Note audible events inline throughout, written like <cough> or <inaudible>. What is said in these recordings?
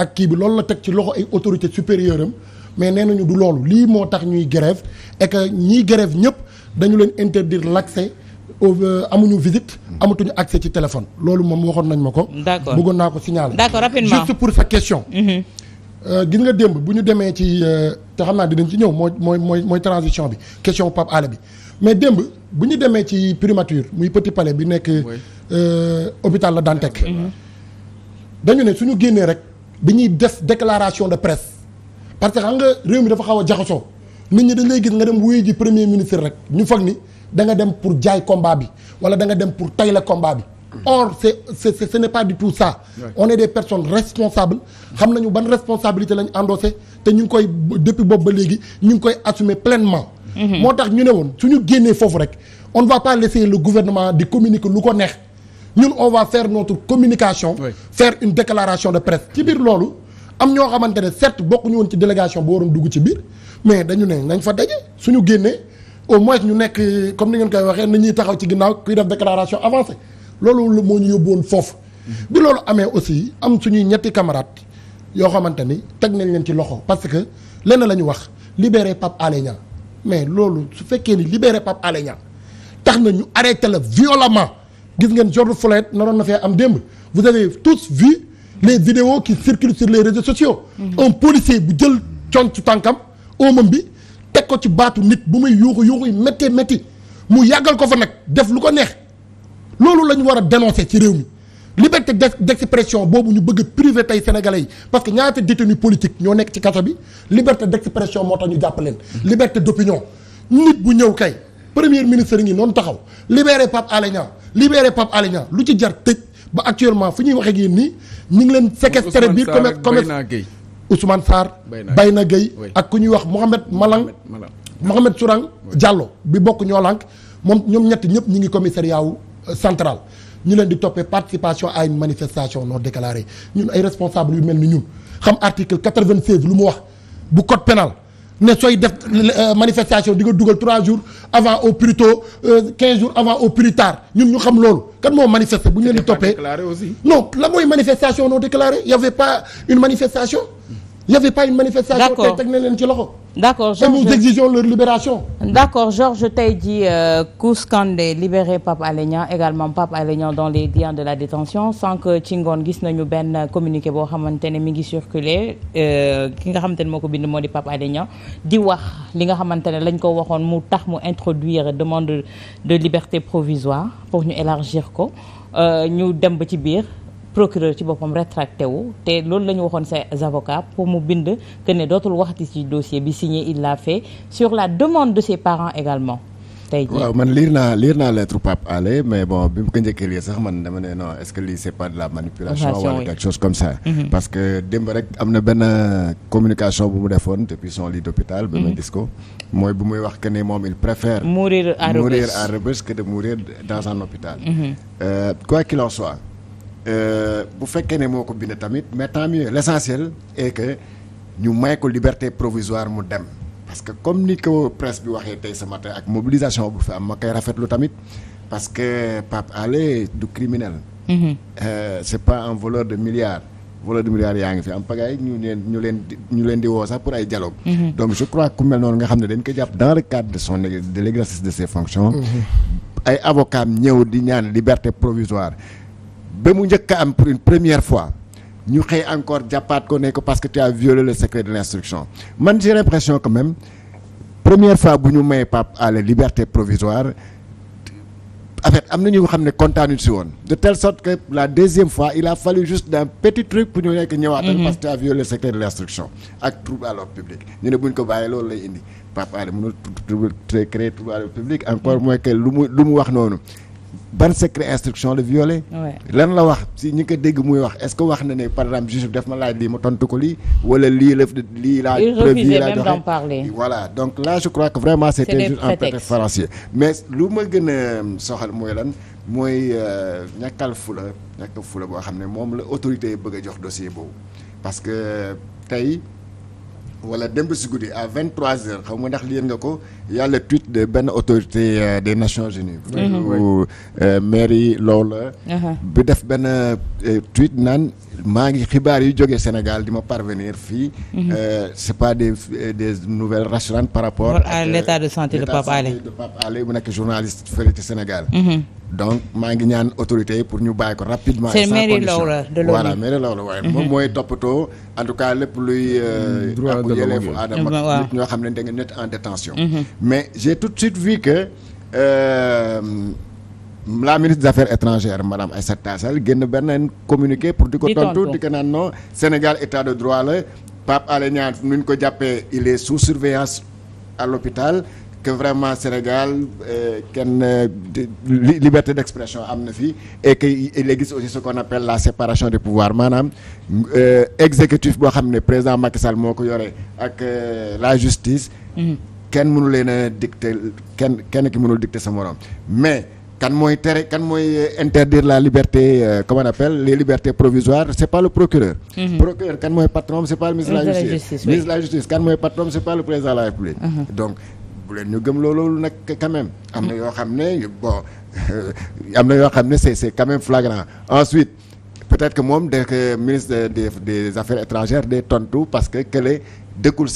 ak kii bi loolu la teg ci loxo ay autorité supérieure mais nee nañu du loolu lii moo tax ñuy grève et que ñiy grève ñëpp dañu leen interdire l'accès euh, amuñu visite amatuñu accès ci téléphone loolu moom waxoon nañ ma ko bëggoon naa ko signaler d'accord rapidement juste pour sa question mm-hmm. euh, gis nga démb bu ñu demee ci euh, te xam naa dinañ ci ñëw mooy mooy mooy mooy transition bi question Pape Alé bi mais démb bu ñu demee ci primature muy Petit Palais bi nekk hôpital La daan Dantec mm-hmm. dañu ne suñu génnee rek bi ñuy def déclaration de presse parce que xam nga réew mi dafa xaw a jaxasoo nit ñi dañ lay gis nga dem wuyu ji premier ministre rek ñu foog ni danga dem pour jaay combat bi wala da nga dem pour tayle combat bi. or c' est ce n' pas du tout ça. on est des personnes responsables. xam nañu ban responsabilité lañ endossé te ñu ngi koy depuis boobu ba léegi ñu ngi koy assumer pleinement. Mhm. moo tax ñu ne woon su ñu génnee foofu rek on ne va pas laisser gouvernement di communiquer lu ko neex. ñun on va faire notre communication. Oui. faire une déclaration de presse. ci biir loolu am ñoo xamante ne certes bokkuñu woon ci délégation bu waroon dugg ci biir mais dañu ne nañ fa daje suñu génnee au moins ñu nekk comme ni ngeen koy waxee nañuy taxaw ci ginnaaw kuy def déclaration avancée loolu moo ñu yóbbuwoon foofu. bi loolu amee aussi am suñuy ñetti camarades yoo xamante ni teg nañ leen ci loxo parce que lenn la ñu wax libérer Pape Alé Niang mais loolu su fekkee ni libérer Pape Alé tax na ñu arrêté la violemment. gis ngeen George Floyd naroon na fee am démb vous avez tous vu les vidéos qui circulent sur les réseaux sociaux mhm. un policier bu jël conc tànkam óomam bi teg ko ci baatu nit bu muy yuuxu yuuxu yi métti métti mu yàggal ko fa nag def lu ko neex loolu la ñu war a dénoncer ci réew mi liberté d'expression boobu ñu bëgg a privé tey sénégalais yi parce que ñaata détenu politique ñoo nekk ci kaso bi liberté d'expression moo tax ñu jàpp leen mhm. liberté d'opinion nit bu ñëw kay premier ministre ngi noonu taxaw libéré Pape Alé Niang libéré Pape Alé Niang lu ci jar tëj ba actuellement fu ñuy waxee ak yéen nii ñu ngi leen séquestré biir commerce commerce Ousmane Sarr na Gueye ak ku ñuy wax Mohamed Malang Mohamed Sourang Diallo bi bokk ñoo lank moom ñoom ñetti ñëpp ñu ngi commissariat wu euh, central ñu leen di toppee participation ay une manifestation non déclarée ñun ay responsable yu mel ni ñun xam article 96 lu mu wax bu code pénal ne sooy def euh, manifestation di nga dugal 3 jours avant au plus tôt 15 euh, jours avant au plus tard ñun ñu xam loolu kan moo manifester bu ñu leen di toppee non la mooy manifestation non déclarée y avait pas une manifestation y avait pas une manifestation tey teg na leen ci loxo d'accord Georges et nous exigeons leur libération. d'accord Georges tey jii euh, ku scandé libéré Pape Alé Niang également Pape Alé Niang dans les liens de la détention sans que ci ngoon gis nañu benn communiqué boo xamante ne mi ngi circulé euh, ki nga xamante ne moo ko bind moo di Pape Alé di wax li nga xamante ne lañ ko waxoon mu tax mu introduire demande de liberté provisoire pour ñu élargir ko euh, ñu dem ba ci biir. procureur ci boppam rétracté wu te loolu la ñu waxoon ses avocats pour mu bind que ne dootul waxati ci dossier bi signé il l'a fait sur la demande de ses parents également. tey jii waaw man liir naa liir naa lettre mais bon bi mu ko njëkkee lii sax man dama ne non est-ce que lii c'est pas de la manipulation wala quelque chose comme ça mhm. parce que démb rek am na benn communication bu mu defoon depuis son lit d'hôpital ba ma mhm. gis ko mooy bu muy wax que ne moom il préfère Euh, bu fekkee ne moo ko bind tamit mais tant mieux l'essentiel est que ñu may ko liberté provisoire mu dem parce que comme ni ko presse bi waxee tey ce matin ak mobilisation bu fi am ma koy lu tamit parce que Pape Alé du criminel mmh. euh, c'est pas un voleur de milliards voleur de milliards yaa ngi fi am pagaay ñu leen ñu leen ñu di woo sax pour ay dialogue mhm. donc je ku mel noonu nga xam ne dañ ko jàpp dans le cadre de son de l'exercice de ses mhm. di ñaan liberté provisoire ba mu njëkk am pour première fois ñu xëy encore jàppaat ko ne parce que tu as violé le secret de l'instruction man j'ai l'impression quand même première fois bu ñu mayee Pape Alé liberté provisoire en fait am na ñu xam ne kontaanu si woon de telle sorte que la deuxième fois il a fallu juste d'un nekk ñëwaatal mhm. parce que tu as violé le secret de l'instruction ak ñu ne buñ ko bàyyee loolu lay indi Pape Alé mënul créer trouble à l'ordre encore mhm. moins que lu mu lu mu wax noonu ban secret instruction la violé lan la wax si ñi ko dégg muy wax est-ce que wax na ne par exemple juge def ma laaj lii ma tontu ko lii wala lii la lii laa prévu laa joxe voilà donc là je crois que vraiment c'était juste un prétexte fallacieux mais lu ma gën a euh, soxal mooy lan mooy euh, ñàkkal fula ñàkkal fula boo xam ne moom la autorité bëgg a jox dossier boobu parce que euh, tey wala démb si guddi à 23 heures xam nga ndax liyen nga ko il le tweet de benn autorité euh, des Nations Unies. ou Mary Lawler. bi def benn euh, tweet naan maa ngi xibaar yi jógee Sénégal di ma parvenir fii. Mhm. Euh, c'est pas des des nouvelles rassurantes par rapport. à l'état de santé de Pape Alé de nekk journaliste Vérité Sénégal. Mhm. donc maa ngi ñaan autorité pour ñu bàyyi ko rapidement. sans condition c'est Mary Lawler de Mary Lawler waaye. mooy toppatoo en tout cas lépp luy. droit de l'homme ak yelleefu ñoo xam ne da nga nekk détention mhm. mais j'ai tout de suite vu que euh, la ministre des affaires étrangères madame Aïssata Tall génn benn communiqué pour di ko tontu di ko naan no Sénégal état de droit la Pape Alé Niang nu ko jàppee il est sous surveillance à l'hôpital que vraiment Sénégal euh, kenn euh, euh, liberté d'expression am na fi e que il existe aussi ce qu'on appelle la séparation des pouvoirs maanaam euh, exécutif boo xam ne président Macky Sall moo ko yore ak euh, la justice. Mm-hmm. kenn mënu leen a kenn ki mënul dicter sa morom mais kan mooy tere kan mooy euh, interdire la liberté euh, comment on appelle les libertés provisoires c'est pas le procureur mm -hmm. procureur kan mooy patron c'est pas le ministre la justice ministre la justice kan mooy patron c'est pas le président la république mhm. donc bu leen ñu gëm loolu nag quand même am na yoo xam ne bon <laughs> am na yoo xam ne c'est c'est quand flagrant ensuite peut-être que moom de ministre des des affaires étrangères des tontu parce que kële dëkkul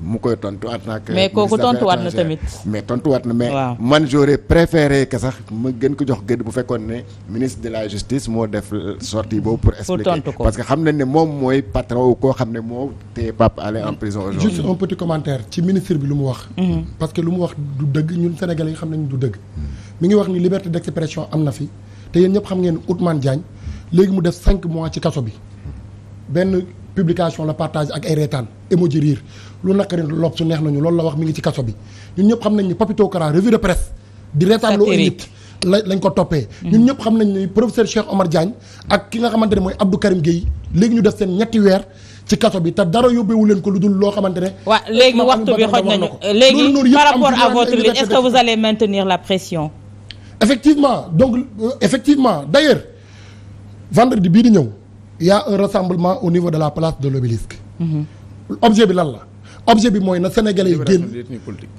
mu koy tontu en tant que. mais euh, kooku tontuwaat na tamit. mais tontuwaat na mais. man j'aurais préféré que sax ma gën ko jox gëdd bu fekkoon ne ministre de la justice moo def sortie boobu pour. expliquer parce que xam nañ ne moom mooy patron koo xam ne moo téye Pape Alé en prison aujourd'hui. juste un petit commentaire ci ministre bi lu mu wax. Mhm. parce que lu mu wax du dëgg ñun Sénégalais yi xam nañ du dëgg. Mhm. mi ngi wax ni liberté d'expression am na fi te yéen ñëpp xam ngeen Ousmane Diagne léegi mu def cinq mois ci kaso bi benn. publication la partage ak ay reetaan émoji riir lu naqari lopp su neex nañu loolu la wax mi ngi ci kaso bi ñun ñëpp xam nañ ni Papito Kara revue de presse di reetaan loo ay nit la lañ ko toppee mhm. ñun ñëpp xam nañ ni professeur Cheikh Omar Diagne ak ki nga xamante ne mooy Abdou Karim Gueye léegi ñu def seen ñetti weer ci kaso bi te dara yóbbeewu leen ko lu dul loo xamante ne waaw léegi waxtu bi xoj nañu léegi par rapport à votre lutte est-ce que vous allez maintenir la pression effectivement donc euh, effectivement d'ailleurs vendredi bii yaa y un rassemblement au niveau de la place de l'obélisque objet bi lan la objet bi mooy na sénégalais yi génn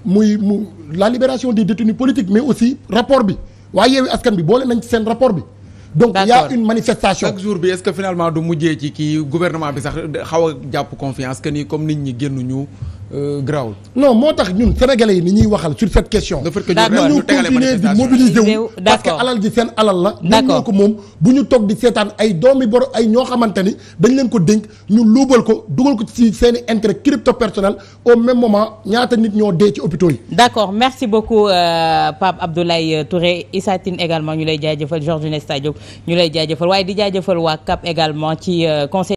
muy mu la libération des détenus politiques mais aussi rapport bi waaye yeewi askan bi boole nañ ci seen rapport bi donc il a une manifestation chaque jour bi est-ce que finalement du mujjee ci kii gouvernement bi sax xaw a jàpp confiance que ni comme nit ñi génnuñu Euh, grawul. non moo tax ñun sénégalais yi ni ñuy waxal sur cette question. d' accord ñu continuer di mobiliser wu. parce que alal ji seen alal la. d' accord ñoo ko moom bu ñu toog di seetaan ay doomi bor ay ñoo xamante ni leen ko dénk ñu luubal ko dugal ko ci seen i intérêt crypto personnel au même moment ñaata nit ñoo dee ci hôpitaux yi. d' accord merci beaucoup euh, Pape Abdoulaye Touré Issa Tine également ñu lay jaajëfal Georges Nesta Diop ñu lay jaajëfal waaye di jaajëfal waa wa également ci euh, conseil.